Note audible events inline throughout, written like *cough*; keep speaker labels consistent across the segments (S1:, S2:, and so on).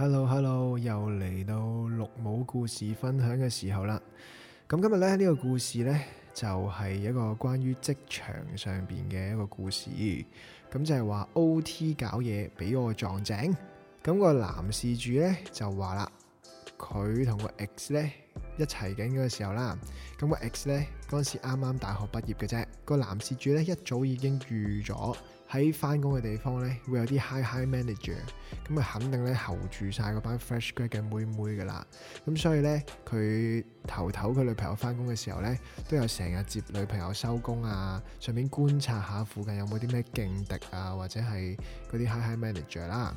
S1: Hello，Hello，hello. 又嚟到綠帽故事分享嘅時候啦。咁今日咧呢、這個故事呢，就係、是、一個關於職場上邊嘅一個故事。咁就係話 OT 搞嘢俾我撞正。咁、那個男事主呢，就話啦，佢同個 X 呢。」一齊緊嘅個時候啦，咁、個 X 呢，嗰陣時啱啱大學畢業嘅啫，個男事主呢，一早已經預咗喺翻工嘅地方呢，會有啲 high high manager，咁啊肯定呢，猴住晒嗰班 fresh grad 嘅妹妹噶啦，咁所以呢，佢頭頭佢女朋友翻工嘅時候呢，都有成日接女朋友收工啊，順便觀察下附近有冇啲咩勁敵啊，或者係嗰啲 high high manager 啦。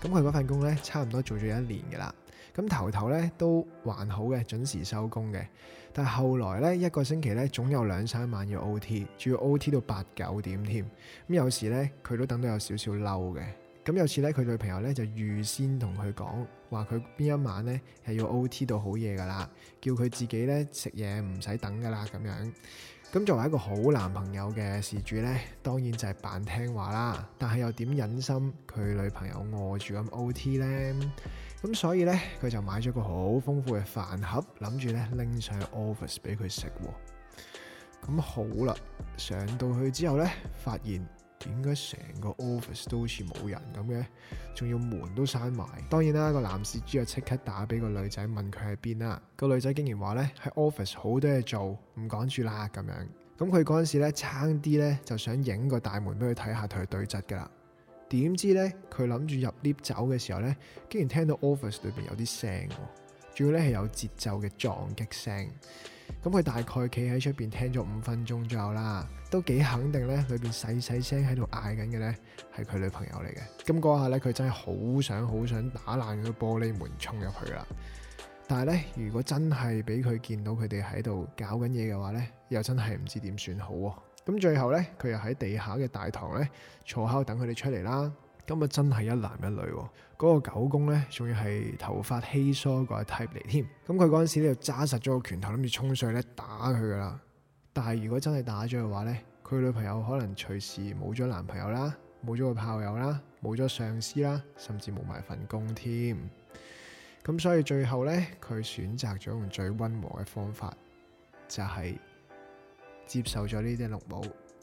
S1: 咁佢嗰份工咧，差唔多做咗一年噶啦。咁頭頭咧都還好嘅，準時收工嘅。但係後來咧一個星期咧總有兩三晚要 OT，仲要 OT 到八九點添。咁有時咧佢都等到有少少嬲嘅。咁有次咧佢女朋友咧就預先同佢講話，佢邊一晚咧係要 OT 到好夜噶啦，叫佢自己咧食嘢唔使等噶啦咁樣。咁作為一個好男朋友嘅事主呢，當然就係扮聽話啦。但係又點忍心佢女朋友餓住咁 OT 呢？咁所以呢，佢就買咗個好豐富嘅飯盒，諗住呢拎上 office 俾佢食。咁好啦，上到去之後呢，發現。應該成個 office 都好似冇人咁嘅，仲要門都閂埋。當然啦，個男士之後即刻打俾個女仔問佢喺邊啦。個女仔竟然話咧喺 office 好多嘢做，唔趕住啦咁樣。咁佢嗰陣時咧，差啲咧就想影個大門俾佢睇下同佢對質噶啦。點知咧，佢諗住入 lift 走嘅時候咧，竟然聽到 office 裏邊有啲聲，仲要咧係有節奏嘅撞擊聲。咁佢大概企喺出邊聽咗五分鐘左右啦，都幾肯定呢。裏邊細細聲喺度嗌緊嘅呢，係佢女朋友嚟嘅。咁嗰下呢，佢真係好想好想打爛個玻璃門衝入去啦。但係呢，如果真係俾佢見到佢哋喺度搞緊嘢嘅話呢，又真係唔知點算好喎。咁最後呢，佢又喺地下嘅大堂呢，坐喺度等佢哋出嚟啦。今日真係一男一女喎、哦，嗰、那個狗公呢，仲要係頭髮稀疏嗰 type 嚟添，咁佢嗰陣時咧就揸實咗個拳頭諗住衝上去咧打佢噶啦，但係如果真係打咗嘅話呢，佢女朋友可能隨時冇咗男朋友啦，冇咗個炮友啦，冇咗上司啦，甚至冇埋份工添，咁所以最後呢，佢選擇咗用最溫和嘅方法，就係、是、接受咗呢隻綠帽，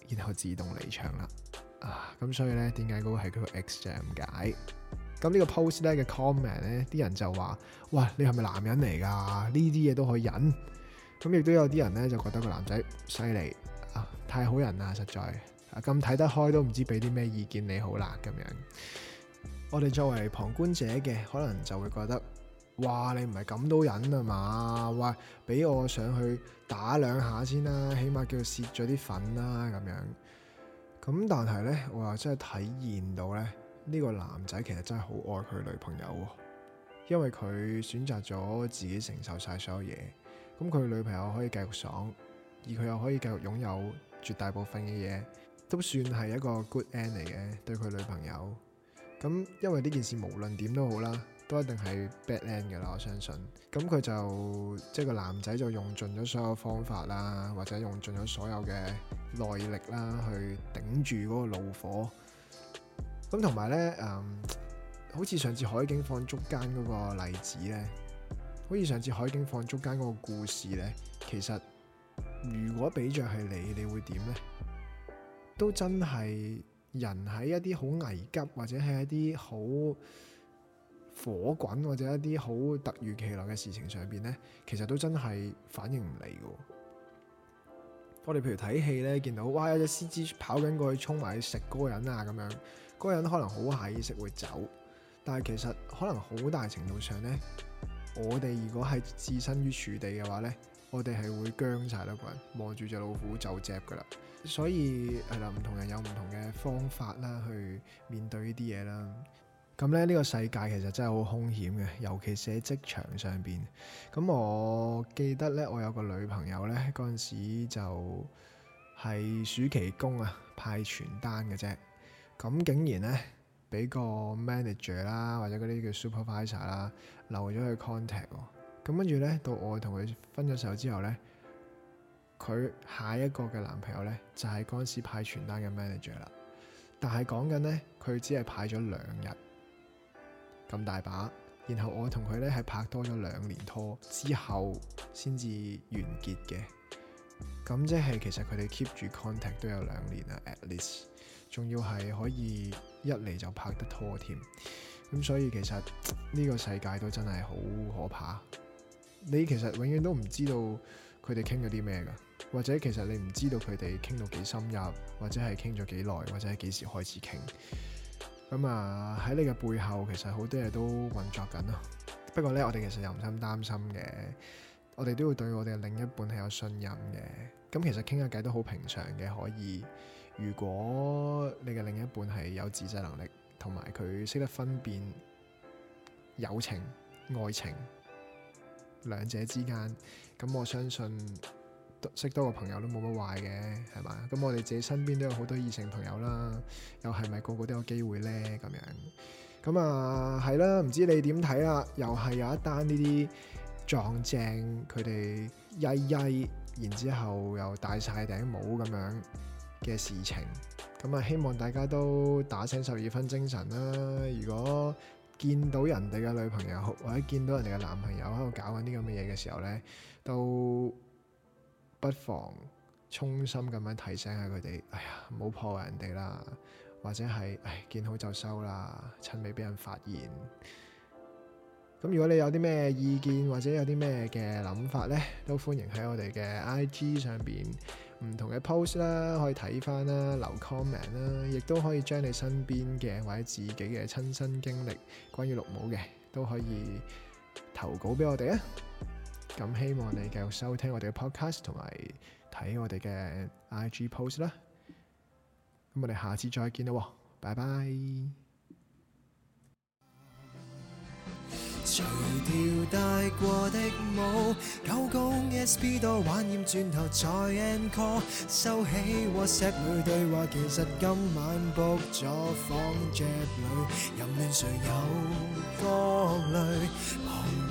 S1: 然後自動離場啦。咁、啊、所以呢，點解嗰個係佢個 X 啫？咁解？咁呢個 post 咧嘅 comment 呢，啲人就話：哇，你係咪男人嚟噶？呢啲嘢都可以忍？咁亦都有啲人呢，就覺得個男仔犀利啊，太好人啊，實在啊，咁睇得開都唔知俾啲咩意見你好啦，咁樣。我哋作為旁觀者嘅，可能就會覺得：哇，你唔係咁都忍啊嘛？喂，俾我上去打兩下先啦，啊，起碼叫佢蝕咗啲粉啦，啊，咁樣。咁但係呢，我話真係體現到咧，呢、呢個男仔其實真係好愛佢女朋友喎，因為佢選擇咗自己承受晒所有嘢，咁佢女朋友可以繼續爽，而佢又可以繼續擁有絕大部分嘅嘢，都算係一個 good end 嚟嘅對佢女朋友。咁因為呢件事無論點都好啦，都一定係 bad end 嘅啦，我相信。咁佢就即係個男仔就用盡咗所有方法啦，或者用盡咗所有嘅。耐力啦，去頂住嗰個怒火。咁同埋呢，嗯，好似上次海景放捉姦嗰個例子呢，好似上次海景放捉姦嗰個故事呢，其實如果畀着係你，你會點呢？都真係人喺一啲好危急，或者係一啲好火滾，或者一啲好突如其來嘅事情上邊呢，其實都真係反應唔嚟嘅。我哋譬如睇戲咧，見到哇有隻獅子跑緊過去衝埋去食嗰人啊咁樣，嗰人可能好下意識會走，但係其實可能好大程度上咧，我哋如果係置身於處地嘅話咧，我哋係會僵曬碌棍，望住隻老虎就接㗎啦。所以係啦，唔同人有唔同嘅方法啦，去面對呢啲嘢啦。咁咧，呢個世界其實真係好兇險嘅，尤其是喺職場上邊。咁我記得呢，我有個女朋友呢，嗰陣時就係暑期工啊，派傳單嘅啫。咁竟然呢，俾個 manager 啦，或者嗰啲叫 supervisor 啦，留咗佢 contact。咁跟住呢，到我同佢分咗手之後呢，佢下一個嘅男朋友呢，就係嗰陣時派傳單嘅 manager 啦。但係講緊呢，佢只係派咗兩日。咁大把，然後我同佢咧係拍多咗兩年拖之後先至完結嘅。咁即係其實佢哋 keep 住 contact 都有兩年啦，at least。仲要係可以一嚟就拍得拖添。咁所以其實呢個世界都真係好可怕。你其實永遠都唔知道佢哋傾咗啲咩㗎，或者其實你唔知道佢哋傾到幾深入，或者係傾咗幾耐，或者係幾時開始傾。咁啊，喺你嘅背後其實好多嘢都運作緊咯。 *laughs* 不過呢，我哋其實又唔使咁擔心嘅。我哋都會對我哋嘅另一半係有信任嘅。咁其實傾下偈都好平常嘅，可以。如果你嘅另一半係有自制能力，同埋佢識得分辨友情、愛情兩者之間，咁我相信。識多個朋友都冇乜壞嘅，係嘛？咁我哋自己身邊都有好多異性朋友啦，又係咪個個都有機會呢？咁樣咁啊，係啦，唔知你點睇啦？又係有一單呢啲撞正佢哋曳曳，然之後又戴晒頂帽咁樣嘅事情。咁啊，希望大家都打醒十二分精神啦，啊！如果見到人哋嘅女朋友或者見到人哋嘅男朋友喺度搞緊啲咁嘅嘢嘅時候呢，都～不妨衷心咁樣提醒下佢哋，哎呀，唔好破壞人哋啦，或者係，哎，見好就收啦，趁未俾人發現。咁如果你有啲咩意見或者有啲咩嘅諗法呢，都歡迎喺我哋嘅 IG 上邊唔同嘅 post 啦，可以睇翻啦，留 comment 啦，亦都可以將你身邊嘅或者自己嘅親身經歷關於綠帽嘅，都可以投稿俾我哋啊！咁希望你繼續收聽我哋嘅 podcast 同埋睇我哋嘅 IG post 啦。咁我哋下次再見啦，拜拜。